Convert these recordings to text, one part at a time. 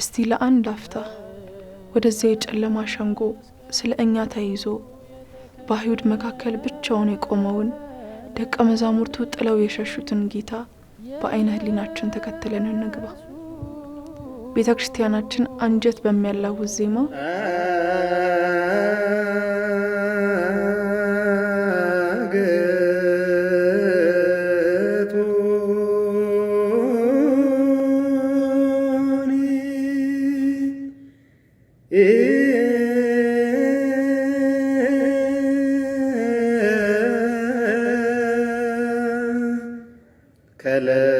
እስቲ ለአንድ አፍታ ወደዚያ የጨለማ ሸንጎ ስለ እኛ ተይዞ በአይሁድ መካከል ብቻውን የቆመውን ደቀ መዛሙርቱ ጥለው የሸሹትን ጌታ በአይነ ህሊናችን ተከትለን እንግባ። ቤተ ክርስቲያናችን አንጀት በሚያላውዝ ዜማ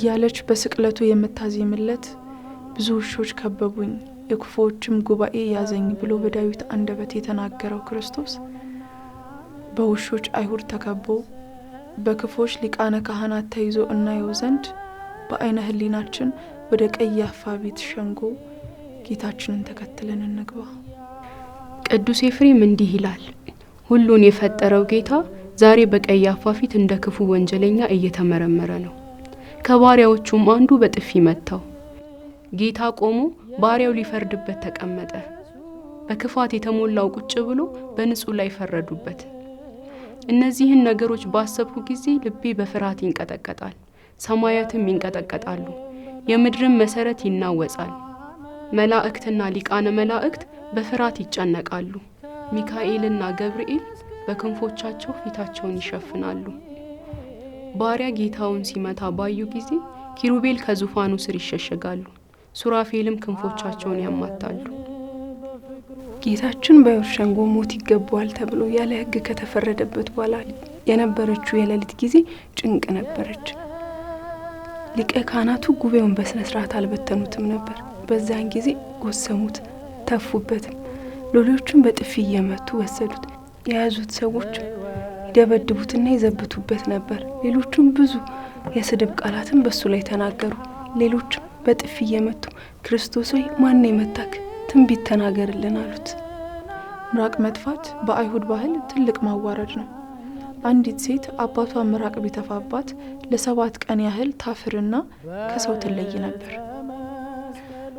እያለች በስቅለቱ የምታዜምለት ብዙ ውሾች ከበቡኝ፣ የክፉዎችም ጉባኤ ያዘኝ ብሎ በዳዊት አንደበት የተናገረው ክርስቶስ በውሾች አይሁድ ተከቦ በክፎች ሊቃነ ካህናት ተይዞ እናየው ዘንድ በአይነ ህሊናችን ወደ ቀያፋ ቤት ሸንጎ ጌታችንን ተከትለን እንግባ። ቅዱስ ኤፍሬም እንዲህ ይላል፣ ሁሉን የፈጠረው ጌታ ዛሬ በቀያፋ ፊት እንደ ክፉ ወንጀለኛ እየተመረመረ ነው። ከባሪያዎቹም አንዱ በጥፊ መታው። ጌታ ቆሞ ባሪያው ሊፈርድበት ተቀመጠ። በክፋት የተሞላው ቁጭ ብሎ በንጹህ ላይ ፈረዱበት። እነዚህን ነገሮች ባሰብኩ ጊዜ ልቤ በፍርሃት ይንቀጠቀጣል፣ ሰማያትም ይንቀጠቀጣሉ፣ የምድርም መሰረት ይናወጻል። መላእክትና ሊቃነ መላእክት በፍርሃት ይጨነቃሉ። ሚካኤልና ገብርኤል በክንፎቻቸው ፊታቸውን ይሸፍናሉ። ባሪያ ጌታውን ሲመታ ባዩ ጊዜ ኪሩቤል ከዙፋኑ ስር ይሸሸጋሉ፣ ሱራፌልም ክንፎቻቸውን ያማታሉ። ጌታችን በእርሸንጎ ሞት ይገባዋል ተብሎ ያለ ሕግ ከተፈረደበት በኋላ የነበረችው የሌሊት ጊዜ ጭንቅ ነበረች። ሊቀ ካህናቱ ጉባኤውን በስነ ስርዓት አልበተኑትም ነበር። በዛን ጊዜ ጎሰሙት፣ ተፉበትም። ሎሌዎቹን በጥፊ እየመቱ ወሰዱት። የያዙት ሰዎች ይደበድቡትና ይዘብቱበት ነበር። ሌሎቹም ብዙ የስድብ ቃላትን በእሱ ላይ ተናገሩ። ሌሎችም በጥፊ እየመቱ ክርስቶስ ሆይ ማን የመታክ ትንቢት ተናገርልን አሉት። ምራቅ መጥፋት በአይሁድ ባህል ትልቅ ማዋረድ ነው። አንዲት ሴት አባቷ ምራቅ ቢተፋባት ለሰባት ቀን ያህል ታፍርና ከሰው ትለይ ነበር።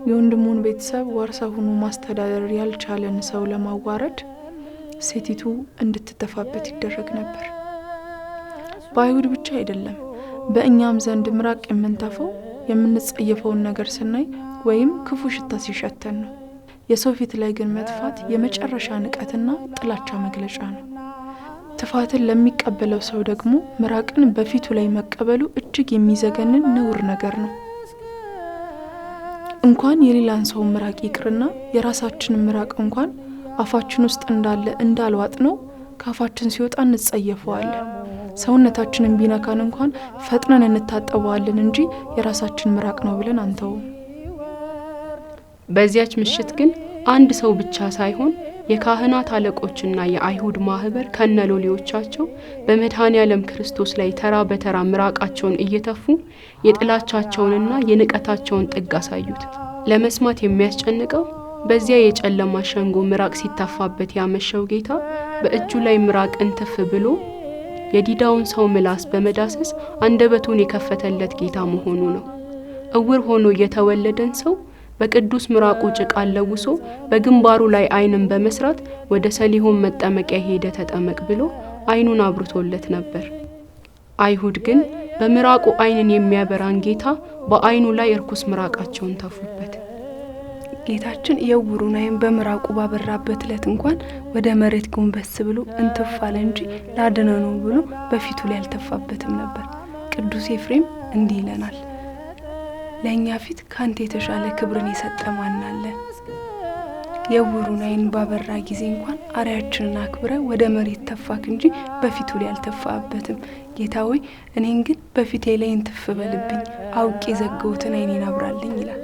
የወንድሙን ቤተሰብ ዋርሳ ሆኖ ማስተዳደር ያልቻለን ሰው ለማዋረድ ሴቲቱ እንድትተፋበት ይደረግ ነበር። በአይሁድ ብቻ አይደለም፣ በእኛም ዘንድ ምራቅ የምንተፈው የምንጸየፈውን ነገር ስናይ ወይም ክፉ ሽታ ሲሸተን ነው። የሰው ፊት ላይ ግን መጥፋት የመጨረሻ ንቀትና ጥላቻ መግለጫ ነው። ትፋትን ለሚቀበለው ሰው ደግሞ ምራቅን በፊቱ ላይ መቀበሉ እጅግ የሚዘገንን ንውር ነገር ነው። እንኳን የሌላን ሰው ምራቅ ይቅርና የራሳችን ምራቅ እንኳን አፋችን ውስጥ እንዳለ እንዳልዋጥ ነው ከአፋችን ሲወጣ እንጸየፈዋለን። ሰውነታችንን ቢነካን እንኳን ፈጥነን እንታጠበዋለን እንጂ የራሳችን ምራቅ ነው ብለን አንተውም። በዚያች ምሽት ግን አንድ ሰው ብቻ ሳይሆን የካህናት አለቆችና የአይሁድ ማህበር ከነ ሎሌዎቻቸው በመድኃኔ ዓለም ክርስቶስ ላይ ተራ በተራ ምራቃቸውን እየተፉ የጥላቻቸውንና የንቀታቸውን ጥግ አሳዩት። ለመስማት የሚያስጨንቀው በዚያ የጨለማ ሸንጎ ምራቅ ሲተፋበት ያመሸው ጌታ በእጁ ላይ ምራቅን ትፍ ብሎ የዲዳውን ሰው ምላስ በመዳሰስ አንደበቱን የከፈተለት ጌታ መሆኑ ነው። እውር ሆኖ የተወለደን ሰው በቅዱስ ምራቁ ጭቃ ለውሶ በግንባሩ ላይ ዓይንን በመስራት ወደ ሰሊሆን መጠመቂያ ሄደ ተጠመቅ ብሎ ዓይኑን አብርቶለት ነበር። አይሁድ ግን በምራቁ ዓይንን የሚያበራን ጌታ በዓይኑ ላይ እርኩስ ምራቃቸውን ተፉበት። ጌታችን የውሩ ናይም በምራቁ ባበራበት ዕለት እንኳን ወደ መሬት ጎንበስ ብሎ እንትፍ እንጂ ላድነ ነው ብሎ በፊቱ ላይ አልተፋበትም ነበር። ቅዱስ ኤፍሬም እንዲህ ይለናል፣ ለእኛ ፊት ካንተ የተሻለ ክብርን የሰጠ ማናለ? አለ? የውሩን አይን ባበራ ጊዜ እንኳን አርያችንን አክብረ ወደ መሬት ተፋክ እንጂ በፊቱ ላይ አልተፋበትም። ጌታ ሆይ እኔን ግን በፊቴ ላይ እንትፍ በልብኝ፣ አውቄ የዘገውትን አይኔን አብራልኝ ይላል።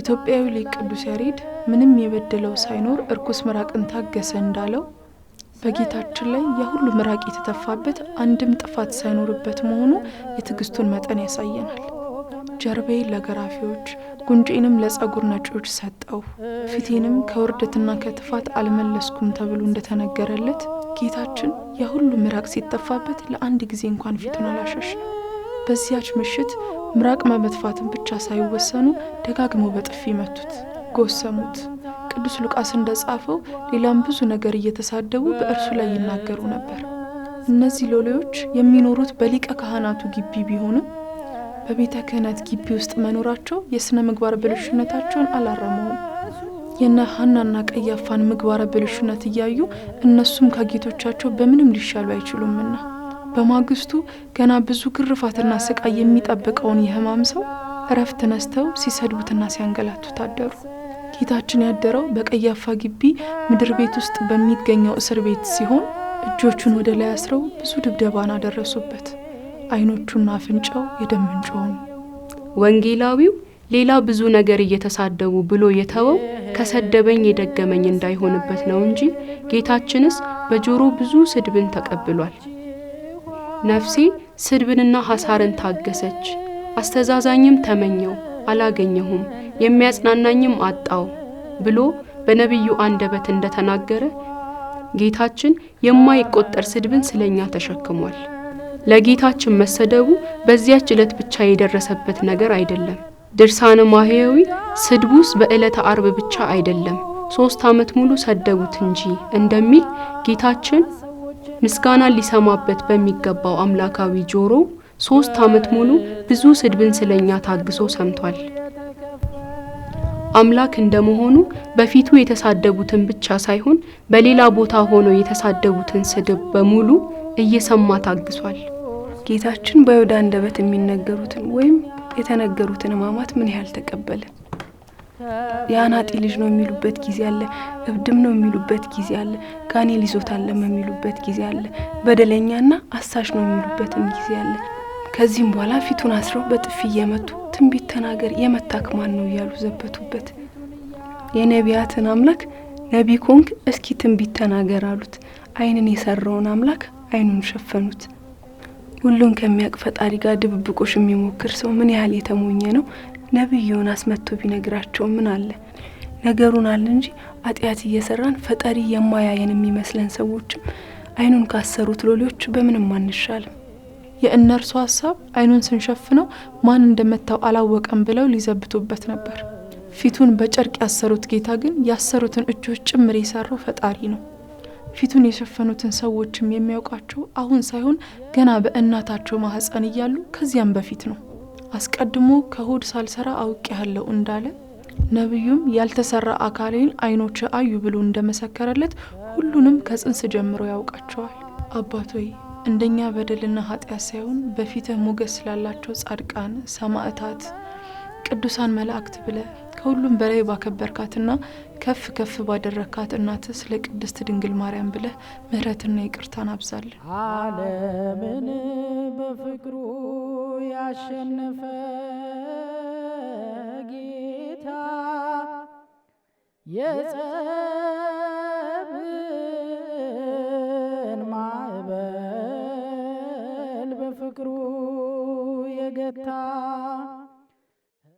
ኢትዮጵያዊ ሊቅ ቅዱስ ያሬድ ምንም የበደለው ሳይኖር እርኩስ ምራቅን ታገሰ እንዳለው በጌታችን ላይ የሁሉ ምራቅ የተተፋበት አንድም ጥፋት ሳይኖርበት መሆኑ የትዕግስቱን መጠን ያሳየናል። ጀርቤን ለገራፊዎች ጉንጬንም ለጸጉር ነጪዎች ሰጠው፣ ፊቴንም ከውርደትና ከትፋት አልመለስኩም ተብሎ እንደተነገረለት ጌታችን የሁሉ ምራቅ ሲተፋበት ለአንድ ጊዜ እንኳን ፊቱን አላሸሽ በዚያች ምሽት ምራቅ መመትፋትን ብቻ ሳይወሰኑ ደጋግመው በጥፊ መቱት፣ ጎሰሙት። ቅዱስ ሉቃስ እንደጻፈው ሌላም ብዙ ነገር እየተሳደቡ በእርሱ ላይ ይናገሩ ነበር። እነዚህ ሎሌዎች የሚኖሩት በሊቀ ካህናቱ ግቢ ቢሆንም በቤተ ክህነት ግቢ ውስጥ መኖራቸው የሥነ ምግባር ብልሹነታቸውን አላረመውም። የነ ሀናና ቀያፋን ምግባረ ብልሹነት እያዩ እነሱም ከጌቶቻቸው በምንም ሊሻሉ አይችሉምና በማግስቱ ገና ብዙ ግርፋትና ስቃይ የሚጠብቀውን የህማም ሰው እረፍት ነስተው ሲሰድቡትና ሲያንገላቱት አደሩ። ጌታችን ያደረው በቀያፋ ግቢ ምድር ቤት ውስጥ በሚገኘው እስር ቤት ሲሆን እጆቹን ወደ ላይ አስረው ብዙ ድብደባን አደረሱበት። አይኖቹና አፍንጫው የደም ምንጭ ሆኑ። ወንጌላዊው ሌላ ብዙ ነገር እየተሳደቡ ብሎ የተወው ከሰደበኝ የደገመኝ እንዳይሆንበት ነው እንጂ ጌታችንስ በጆሮ ብዙ ስድብን ተቀብሏል። ነፍሴ ስድብንና ሐሳርን ታገሰች። አስተዛዛኝም ተመኘው አላገኘሁም፣ የሚያጽናናኝም አጣው ብሎ በነቢዩ አንደበት እንደተናገረ ጌታችን የማይቆጠር ስድብን ስለኛ ተሸክሟል። ለጌታችን መሰደቡ በዚያች ዕለት ብቻ የደረሰበት ነገር አይደለም። ድርሳነ ማህያዊ ስድቡስ በዕለተ አርብ ብቻ አይደለም ሶስት ዓመት ሙሉ ሰደቡት እንጂ እንደሚል ጌታችን ምስጋና ሊሰማበት በሚገባው አምላካዊ ጆሮ ሶስት ዓመት ሙሉ ብዙ ስድብን ስለኛ ታግሶ ሰምቷል። አምላክ እንደመሆኑ በፊቱ የተሳደቡትን ብቻ ሳይሆን በሌላ ቦታ ሆነው የተሳደቡትን ስድብ በሙሉ እየሰማ ታግሷል። ጌታችን በይሁዳ አንደበት የሚነገሩትን ወይም የተነገሩትን ሕማማት ምን ያህል ተቀበልን? የአናጢ ልጅ ነው የሚሉበት ጊዜ አለ። እብድም ነው የሚሉበት ጊዜ አለ። ጋኔል ይዞታለም የሚሉበት ጊዜ አለ። በደለኛና አሳሽ ነው የሚሉበትም ጊዜ አለ። ከዚህም በኋላ ፊቱን አስረው በጥፊ እየመቱ ትንቢት ተናገር የመታክ ማን ነው እያሉ ዘበቱበት። የነቢያትን አምላክ ነቢ ኮንክ እስኪ ትንቢት ተናገር አሉት። አይንን የሰራውን አምላክ አይኑን ሸፈኑት። ሁሉን ከሚያውቅ ፈጣሪ ጋር ድብብቆሽ የሚሞክር ሰው ምን ያህል የተሞኘ ነው! ነቢዩን አስመጥቶ ቢነግራቸው ምን አለ? ነገሩን አለ እንጂ አጢአት እየሰራን ፈጣሪ የማያየን የሚመስለን ሰዎችም አይኑን ካሰሩት ሎሌዎች በምንም አንሻልም። የእነርሱ ሀሳብ አይኑን ስንሸፍነው ማን እንደመታው አላወቀም ብለው ሊዘብቱበት ነበር። ፊቱን በጨርቅ ያሰሩት ጌታ ግን ያሰሩትን እጆች ጭምር የሰራው ፈጣሪ ነው። ፊቱን የሸፈኑትን ሰዎችም የሚያውቃቸው አሁን ሳይሆን ገና በእናታቸው ማህፀን እያሉ ከዚያም በፊት ነው። አስቀድሞ ከሁድ ሳልሰራ አውቅ ያለው እንዳለ ነቢዩም ያልተሰራ አካሌን አይኖች አዩ ብሎ እንደመሰከረለት ሁሉንም ከጽንስ ጀምሮ ያውቃቸዋል። አባቶይ እንደኛ በደልና ኃጢአት ሳይሆን በፊትህ ሞገስ ስላላቸው ጻድቃን፣ ሰማዕታት፣ ቅዱሳን መላእክት ብለ ከሁሉም በላይ ባከበርካትና ከፍ ከፍ ባደረካት እናት ስለ ቅድስት ድንግል ማርያም ብለ ምሕረትና ይቅርታን አብዛለን። አለምን በፍቅሩ ያሸነፈ ጌታ